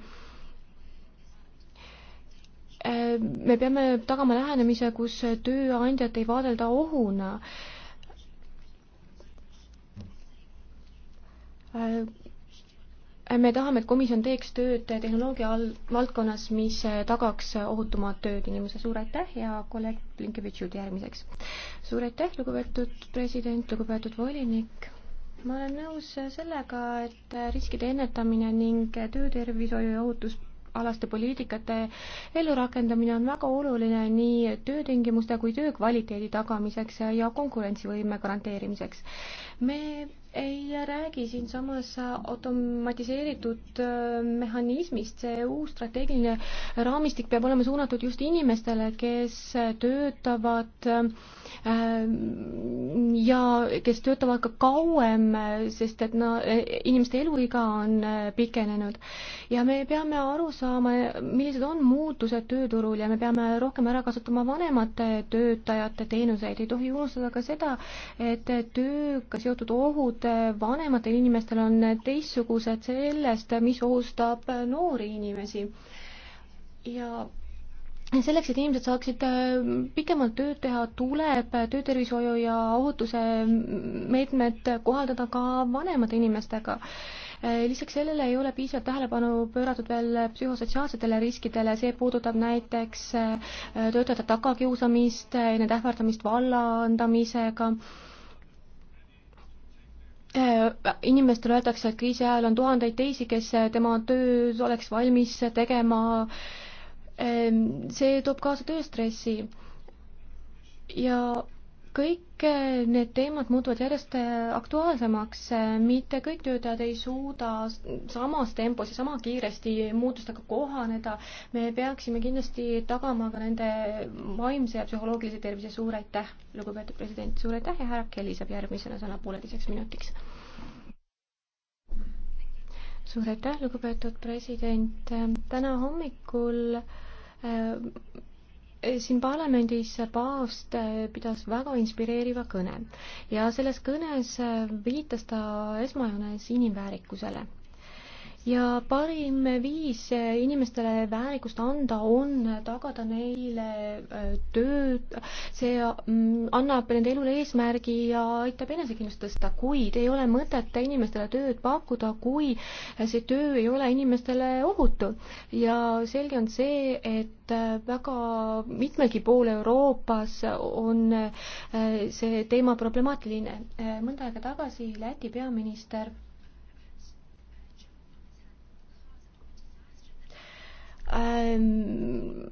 Ähm, me peame tagama lähenemise, kus tööandjat ei vaadelda ohuna äh, me tahame, et komisjon teeks tööd tehnoloogia all, valdkonnas, mis tagaks ohutumad tööd inimese. suur aitäh ja kolleeg Blinkevitšud järgmiseks. suur aitäh, lugupeetud president, lugupeetud volinik. ma olen nõus sellega, et riskide ennetamine ning töötervishoiu ja ohutus alaste poliitikate ellurakendamine on väga oluline nii töötingimuste kui töökvaliteedi tagamiseks ja konkurentsivõime garanteerimiseks. me ei räägi siinsamas automatiseeritud äh, mehhanismist, see uus strateegiline raamistik peab olema suunatud just inimestele, kes töötavad äh, Äh, ja kes töötavad ka kauem, sest et no äh, inimeste eluiga on äh, pikenenud. ja me peame aru saama, millised on muutused tööturul ja me peame rohkem ära kasutama vanemate töötajate teenuseid, ei tohi unustada ka seda, et tööga seotud ohud vanematel inimestel on teistsugused sellest, mis ohustab noori inimesi. ja selleks, et inimesed saaksid äh, pikemalt tööd teha, tuleb töötervishoiu ja ohutuse meetmed kohaldada ka vanemate inimestega. Äh, lisaks sellele ei ole piisavalt tähelepanu pööratud veel psühhosotsiaalsetele riskidele, see puudutab näiteks äh, töötajate tagakiusamist, nende ähvardamist vallandamisega inimestele öeldakse, et kriisi ajal on tuhandeid teisi, kes tema tööd oleks valmis tegema äh, Ehm, see toob kaasa tööstressi ja kõik eh, need teemad muutuvad järjest eh, aktuaalsemaks, eh, mitte kõik töötajad ei suuda samas tempos ja sama kiiresti muutustega kohaneda. me peaksime kindlasti tagama ka nende vaimse ja psühholoogilise tervise. suur aitäh, lugupeetud president, suur aitäh ja härra Kelly saab järgmisena sõna pooleteiseks minutiks suur aitäh, lugupeetud president. täna hommikul äh, siin parlamendis paavst äh, pidas väga inspireeriva kõne ja selles kõnes äh, viitas ta esmajoones inimväärikusele ja parim viis inimestele väärikust anda on tagada neile äh, tööd, see mm, annab nende elule eesmärgi ja aitab enesekindlust tõsta, kuid ei ole mõtet inimestele tööd pakkuda, kui see töö ei ole inimestele ohutu. ja selge on see, et äh, väga mitmelgi pool Euroopas on äh, see teema problemaatiline. mõnda aega tagasi Läti peaminister Ähm,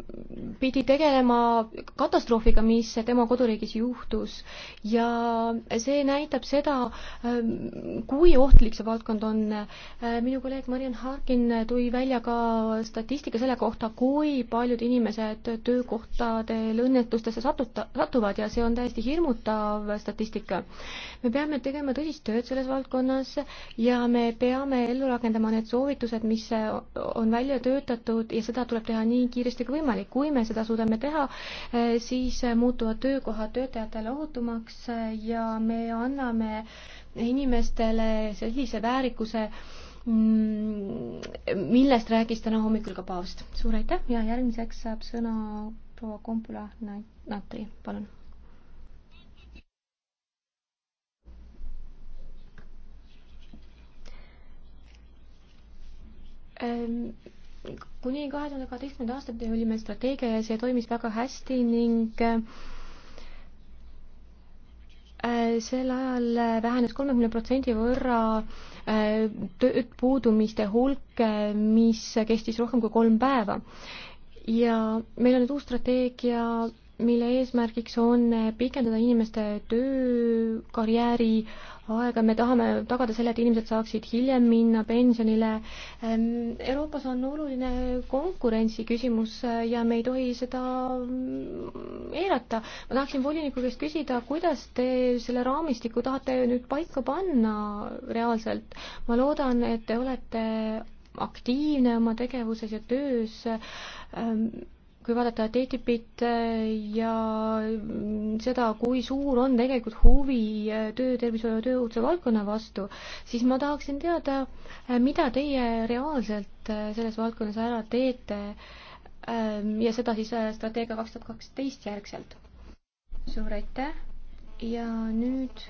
pidi tegelema katastroofiga, mis tema koduriigis juhtus ja see näitab seda, ähm, kui ohtlik see valdkond on. Äh, minu kolleeg Mariann Harkin tõi välja ka statistika selle kohta, kui paljud inimesed töökohtadel õnnetustesse satuta, satuvad ja see on täiesti hirmutav statistika. me peame tegema tõsist tööd selles valdkonnas ja me peame ellu rakendama need soovitused, mis on välja töötatud ja seda seda tuleb teha nii kiiresti kui võimalik. kui me seda suudame teha, eh, siis eh, muutuvad töökohad töötajatele ohutumaks eh, ja me anname inimestele sellise väärikuse, mm, millest rääkis täna hommikul ka paavst. suur aitäh ja järgmiseks saab sõna proua Kompula Natri, palun. Ehm, kuni kahe tuhande kaheteistkümnenda aastani oli meil strateegia ja see toimis väga hästi ning äh, sel ajal vähenes kolmekümne protsendi võrra äh, tööd puudumiste hulk, äh, mis kestis rohkem kui kolm päeva. ja meil on nüüd uus strateegia mille eesmärgiks on pikendada inimeste töökarjääri aega, me tahame tagada selle, et inimesed saaksid hiljem minna pensionile. Ehm, Euroopas on oluline konkurentsi küsimus äh, ja me ei tohi seda mm, eirata. ma tahaksin voliniku käest küsida, kuidas te selle raamistiku tahate nüüd paika panna reaalselt? ma loodan, et te olete aktiivne oma tegevuses ja töös ehm, kui vaadata TTIP-it äh, ja mm, seda, kui suur on tegelikult huvi äh, töötervishoiu ja tööohutuse valdkonna vastu, siis ma tahaksin teada, äh, mida teie reaalselt selles valdkonnas ära teete ähm, ja seda siis strateegia kaks tuhat kaksteist järgselt. suur aitäh ja nüüd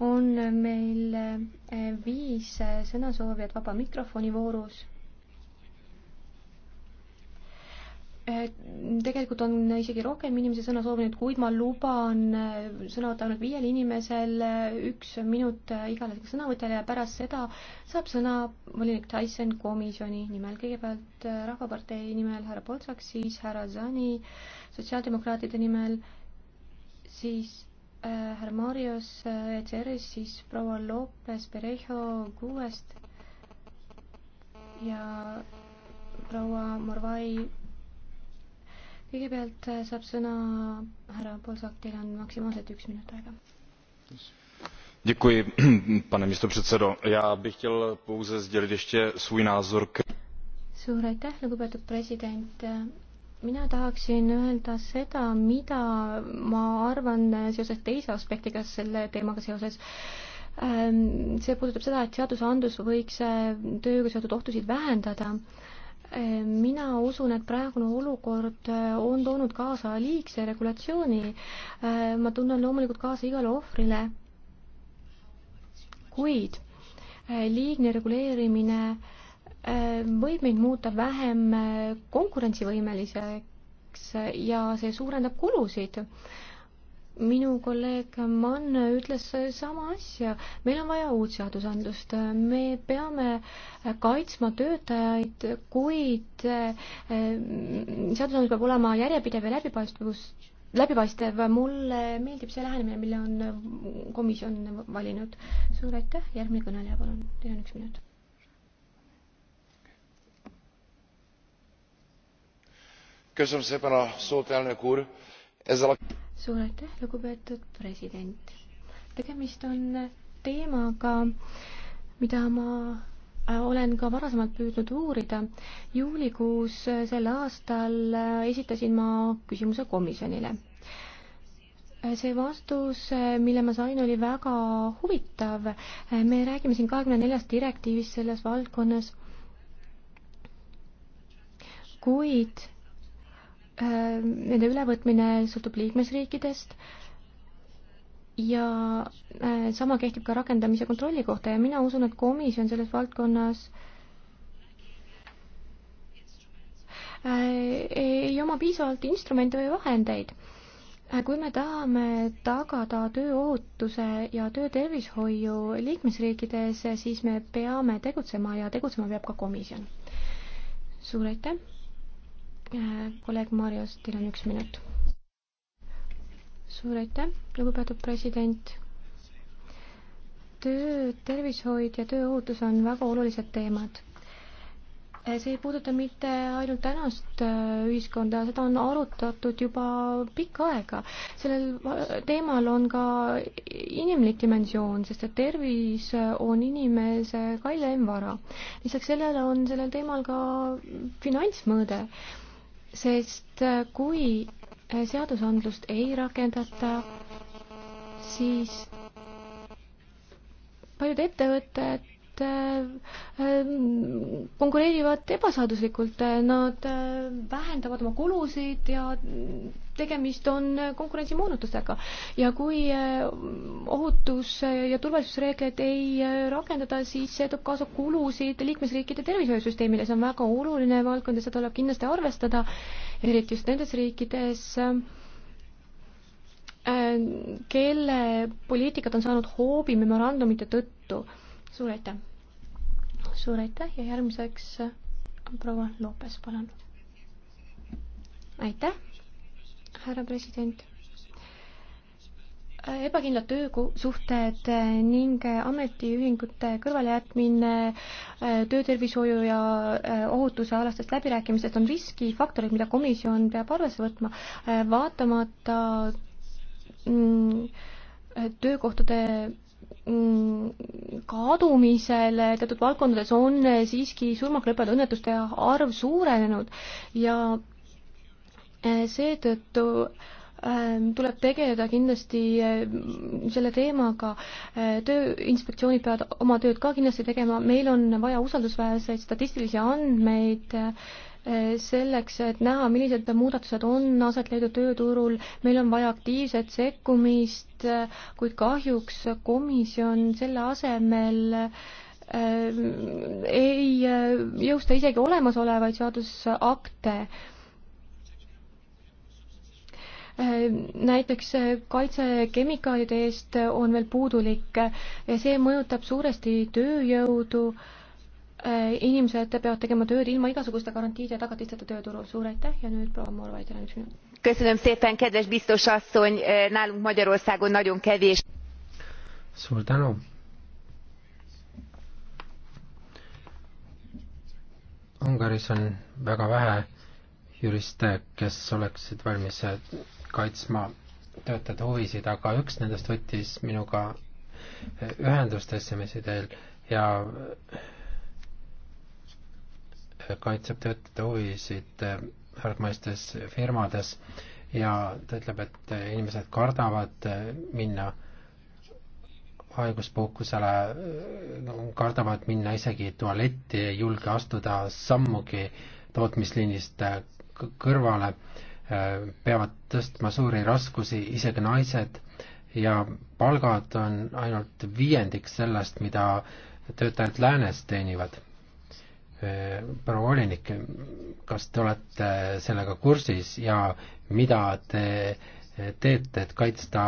on meil viis sõnasoovijat vaba mikrofoni voorus Eh, tegelikult on isegi rohkem inimesi sõna soovinud, kuid ma luban eh, sõna võtta ainult viiel inimesel, eh, üks minut igale sõnavõtjale ja pärast seda saab sõna volinik Tyson komisjoni nimel. kõigepealt Rahvapartei nimel härra Potsak, siis härra Zani sotsiaaldemokraatide nimel, siis äh, härra Marios äh, ECR-ist, siis proua Lopez Perejo kuuest ja proua Morvai kõigepealt äh, saab sõna härra Polsak, teil on maksimaalselt üks minut aega. Děkuji, pane místopředsedo. Já bych chtěl pouze sdělit ještě svůj názor k... Suur aitäh, lugupeetud president mina tahaksin öelda seda, mida ma arvan seoses teise aspektiga selle teemaga seoses. Ähm, see puudutab seda, et seadusandlus võiks äh, tööga seotud ohtusid vähendada mina usun, et praegune olukord äh, on toonud kaasa liigse regulatsiooni. Äh, ma tunnen loomulikult kaasa igale ohvrile, kuid äh, liigne reguleerimine võib meid muuta vähem konkurentsivõimeliseks ja see suurendab kulusid minu kolleeg Mann ütles sama asja, meil on vaja uut seadusandlust, me peame kaitsma töötajaid, kuid eh, seadusandlus peab olema järjepidev ja läbipaistvus, läbipaistev, mulle meeldib see lähenemine, mille on komisjon valinud. suur aitäh, järgmine kõneleja, palun, teil on üks minut. köszönöm szépen a szót, elnök úr! Ezzel a suur aitäh, lugupeetud president. tegemist on teemaga, mida ma äh, olen ka varasemalt püüdnud uurida. juulikuus sel aastal äh, esitasin ma küsimuse komisjonile. Äh, see vastus, mille ma sain, oli väga huvitav. me räägime siin kahekümne neljast direktiivist selles valdkonnas, kuid Äh, nende ülevõtmine sõltub liikmesriikidest ja äh, sama kehtib ka rakendamise kontrolli kohta ja mina usun, et komisjon selles valdkonnas äh, ei oma piisavalt instrumente või vahendeid. kui me tahame tagada tööootuse ja töötervishoiu liikmesriikides, siis me peame tegutsema ja tegutsema peab ka komisjon. suur aitäh! Eh, kolleeg Marias, teil on üks minut. suur aitäh, lugupeetud president. töö, tervishoid ja tööohutus on väga olulised teemad eh, see ei puuduta mitte ainult tänast eh, ühiskonda, seda on arutatud juba pikka aega. sellel teemal on ka inimlik dimensioon, sest et tervis on inimese kalleim vara. lisaks sellele on sellel teemal ka finantsmõõde sest kui seadusandlust ei rakendata, siis paljud ettevõtted Äh, äh, konkureerivad ebaseaduslikult, nad äh, vähendavad oma kulusid ja tegemist on konkurentsimoonutustega. ja kui ohutus- ja turvalisusreegleid ei rakendada, siis see toob kaasa kulusid liikmesriikide tervishoiusüsteemile, see on väga oluline valdkond ja seda tuleb kindlasti arvestada, eriti just nendes riikides, kelle poliitikad on saanud hoobi memorandumite tõttu suur aitäh! suur aitäh ja järgmiseks äh, proua Lopes, palun. aitäh, härra president äh, ebakindlad töösuhted äh, ning ametiühingute kõrvalejätmine töötervishoiu ja ohutuse alastest läbirääkimistest on riskifaktorid, mida komisjon peab arvesse võtma, vaatamata mm, töökohtade Mm, kadumisel teatud valdkondades on siiski surmaga lõppenud õnnetuste arv suurenenud ja eh, seetõttu eh, tuleb tegeleda kindlasti eh, selle teemaga, tööinspektsioonid peavad oma tööd ka kindlasti tegema, meil on vaja usaldusväärseid statistilisi andmeid, selleks, et näha, millised muudatused on aset leidnud tööturul, meil on vaja aktiivset sekkumist, kuid kahjuks komisjon selle asemel äh, ei äh, jõusta isegi olemasolevaid seadusakte äh, näiteks kaitse kemikaalide eest on veel puudulik ja see mõjutab suuresti tööjõudu äh, Äh, inimesed peavad tegema tööd ilma igasuguste garantiide ja tagatisteta tööturul. suur aitäh ja nüüd proua Morvai, teil on üks minut. köszönöm szépen, kedves biztos asszony, nálunk Magyarországon nagyon kevés. suur tänu. Ungaris on väga vähe juriste, kes oleksid valmis kaitsma töötajate huvisid, aga üks nendest võttis minuga ühendust SMS-i teel ja kaitseb töötajate huvisid äh, hargmaistes firmades ja ta ütleb, et äh, inimesed kardavad äh, minna haiguspuhkusele, kardavad minna isegi tualetti, ei julge astuda sammugi tootmisliinist kõrvale, peavad tõstma suuri raskusi, isegi naised, ja palgad on ainult viiendik sellest, mida töötajad läänes teenivad Äh, proua volinik, kas te olete sellega kursis ja mida te teete, et kaitsta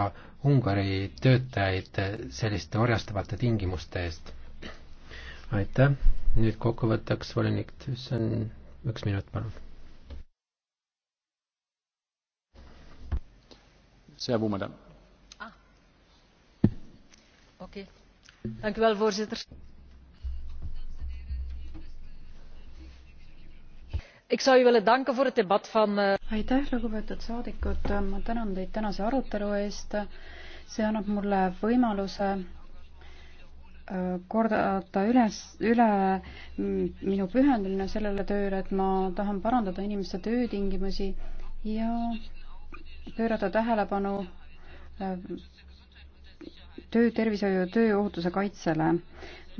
Ungari töötajaid selliste orjastavate tingimuste eest? aitäh, nüüd kokkuvõtteks volinik Tüssen, üks minut, palun. see jääb umbele ah.. okei okay., tänan, voorzitter Eh, aitäh lugupeetud saadikud ma tänan teid tänase arutelu eest see annab mulle võimaluse äh, kordata üles üle mm, minu pühendumine sellele tööle et ma tahan parandada inimeste töötingimusi ja pöörata tähelepanu äh, töötervishoiu ja tööohutuse kaitsele.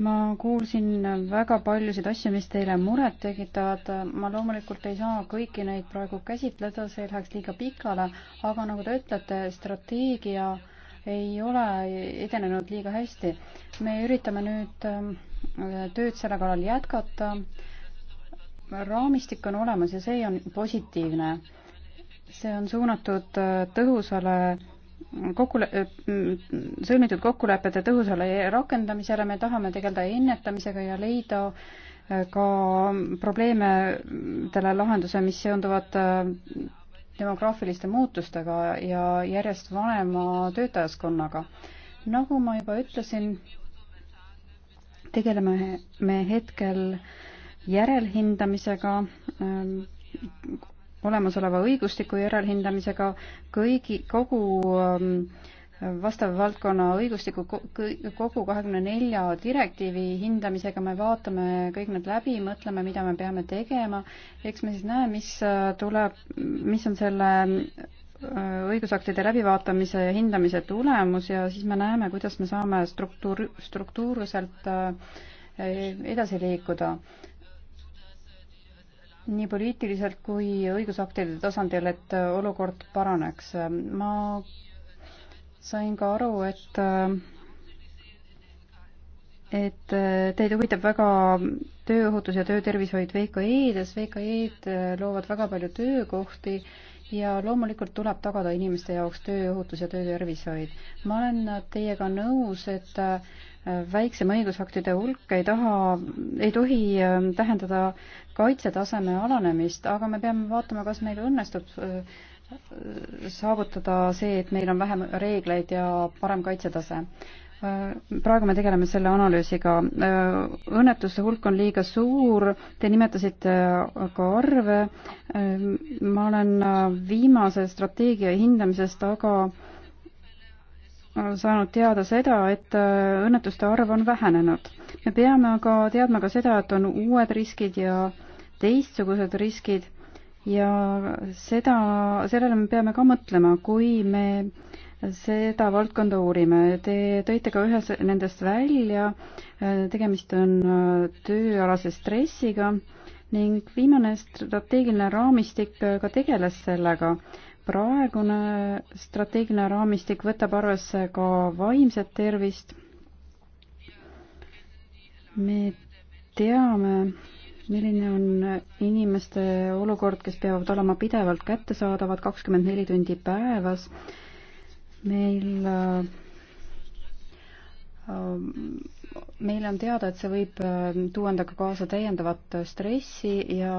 ma kuulsin väga paljusid asju, mis teile muret tekitavad. ma loomulikult ei saa kõiki neid praegu käsitleda, see läheks liiga pikale, aga nagu te ütlete, strateegia ei ole edenenud liiga hästi. me üritame nüüd äh, tööd selle kallal jätkata. raamistik on olemas ja see on positiivne. see on suunatud äh, tõhusale kokku, mm, sõlmitud kokkulepete tõhusale rakendamisele, me tahame tegeleda ennetamisega ja leida äh, ka probleemidele lahenduse, mis seonduvad äh, demograafiliste muutustega ja järjest vanema töötajaskonnaga. nagu ma juba ütlesin, tegeleme me hetkel järelhindamisega ähm, olemasoleva õigustiku järelhindamisega kõigi, kogu ähm, vastava valdkonna õigustiku kogu kahekümne nelja direktiivi hindamisega me vaatame kõik need läbi, mõtleme, mida me peame tegema, eks me siis näe, mis äh, tuleb, mis on selle äh, õigusaktide läbivaatamise ja hindamise tulemus ja siis me näeme, kuidas me saame struktuur, struktuurselt äh, edasi liikuda nii poliitiliselt kui õigusaktide tasandil, et äh, olukord paraneks. ma sain ka aru, et äh, et äh, teid huvitab väga tööohutus ja töötervishoid VKE-des, VKE-d loovad väga palju töökohti ja loomulikult tuleb tagada inimeste jaoks tööohutus ja töötervishoid. ma olen teiega nõus, et väiksem õigusaktide hulk ei taha, ei tohi ähm, tähendada kaitsetaseme alanemist, aga me peame vaatama, kas meil õnnestub äh, saavutada see, et meil on vähem reegleid ja parem kaitsetase äh, praegu me tegeleme selle analüüsiga. Äh, õnnetuste hulk on liiga suur, te nimetasite ka arve. ma olen viimase strateegia hindamisest aga saanud teada seda, et äh, õnnetuste arv on vähenenud. me peame aga teadma ka seda, et on uued riskid ja teistsugused riskid ja seda, sellele me peame ka mõtlema, kui me seda valdkonda uurime. Te tõite ka ühes nendest välja, äh, tegemist on äh, tööalase stressiga ning viimane strateegiline raamistik ka tegeles sellega praegune strateegiline raamistik võtab arvesse ka vaimset tervist. me teame, milline on inimeste olukord, kes peavad olema pidevalt kättesaadavad kakskümmend neli tundi päevas. meil, äh, meile on teada, et see võib äh, tuua endaga kaasa täiendavat stressi ja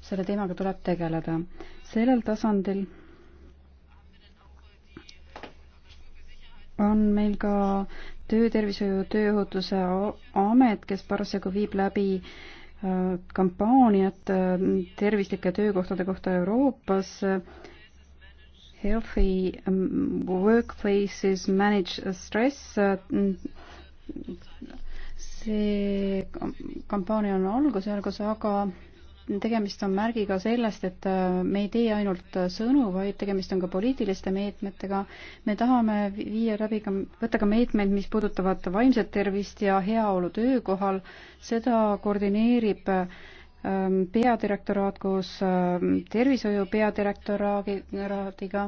selle teemaga tuleb tegeleda. sellel tasandil on meil ka töötervishoiu tööohutuse amet, kes parasjagu viib läbi äh, kampaaniat äh, tervislike töökohtade kohta Euroopas. Healthy mm, workplaces manage stress. see kampaania on algusjärgus, aga tegemist on märgiga sellest, et äh, me ei tee ainult äh, sõnu, vaid tegemist on ka poliitiliste meetmetega. me tahame viia läbi ka, võtta ka meetmeid, mis puudutavad vaimset tervist ja heaolu töökohal. seda koordineerib äh, peadirektoraat koos tervishoiu peadirektoraadiga.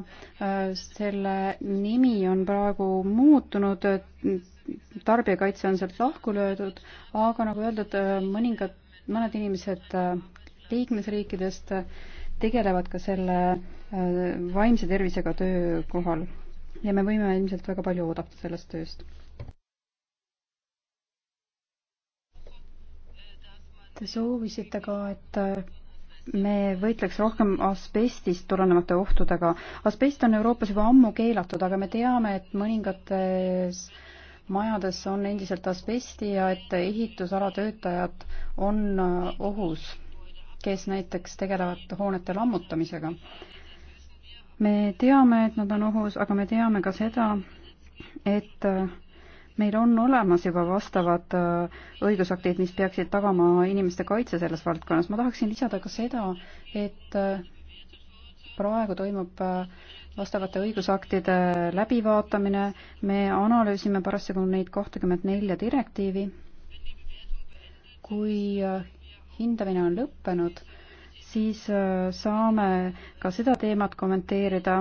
selle nimi on praegu muutunud, tarbijakaitse on sealt lahku löödud, aga nagu öeldud, mõningad mõned inimesed liikmesriikidest tegelevad ka selle äh, vaimse tervisega töökohal ja me võime ilmselt väga palju oodata sellest tööst. Te soovisite ka, et äh, me võitleks rohkem asbestist tulenevate ohtudega. asbest on Euroopas juba ammu keelatud, aga me teame, et mõningates majades on endiselt asbesti ja et ehitusala töötajad on äh, ohus kes näiteks tegelevad hoonete lammutamisega. me teame, et nad on ohus, aga me teame ka seda, et äh, meil on olemas juba vastavad äh, õigusaktid, mis peaksid tagama inimeste kaitse selles valdkonnas. ma tahaksin lisada ka seda, et äh, praegu toimub vastavate õigusaktide läbivaatamine, me analüüsime parasjagu neid kahtekümmet nelja direktiivi. kui hindamine on lõppenud, siis äh, saame ka seda teemat kommenteerida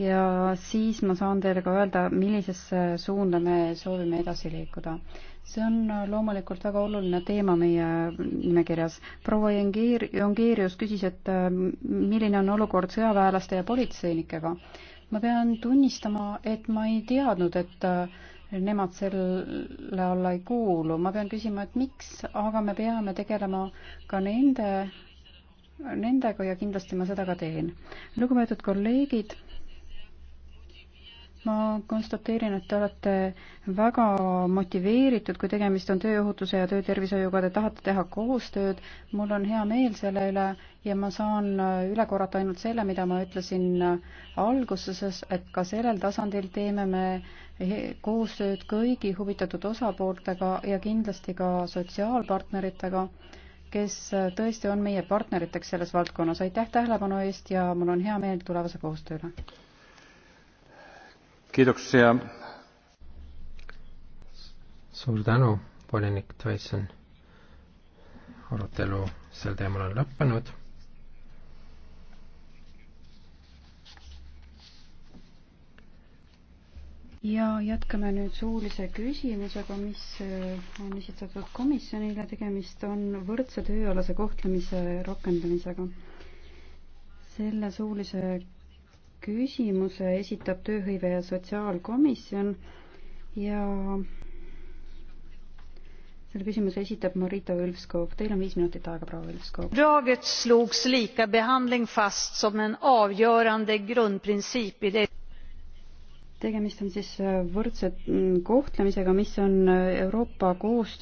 ja siis ma saan teile ka öelda, millisesse suunda me soovime edasi liikuda. see on äh, loomulikult väga oluline teema meie nimekirjas. proua Jongeer-, Jongeerius küsis, et äh, milline on olukord sõjaväelaste ja politseinikega. ma pean tunnistama, et ma ei teadnud, et nemad selle alla ei kuulu. ma pean küsima, et miks, aga me peame tegelema ka nende, nendega ja kindlasti ma seda ka teen. lugupeetud kolleegid, ma konstateerin, et te olete väga motiveeritud, kui tegemist on tööohutuse ja töötervishoiuga, te tahate teha koostööd. mul on hea meel selle üle ja ma saan üle korrata ainult selle, mida ma ütlesin alguses, et ka sellel tasandil teeme me koostööd kõigi huvitatud osapooltega ja kindlasti ka sotsiaalpartneritega, kes tõesti on meie partneriteks selles valdkonnas. aitäh tähelepanu eest ja mul on hea meel tulevase koostööle! kiitoksia. suur tänu, volinik Tõisson. arutelu sel teemal on lõppenud. ja jätkame nüüd suulise küsimusega, mis äh, on esitatud komisjonile, tegemist on võrdse tööalase kohtlemise rakendamisega. selle suulise küsimuse esitab Tööhõive ja Sotsiaalkomisjon ja selle küsimuse esitab Marita Ulfskog. Teil on viis minutit aega, proua Ulfskog. Draget slogs lika behandling fast som en avgörande grundprincip i det tegemist on siis võrdse mm, kohtlemisega, mis on Euroopa koostöö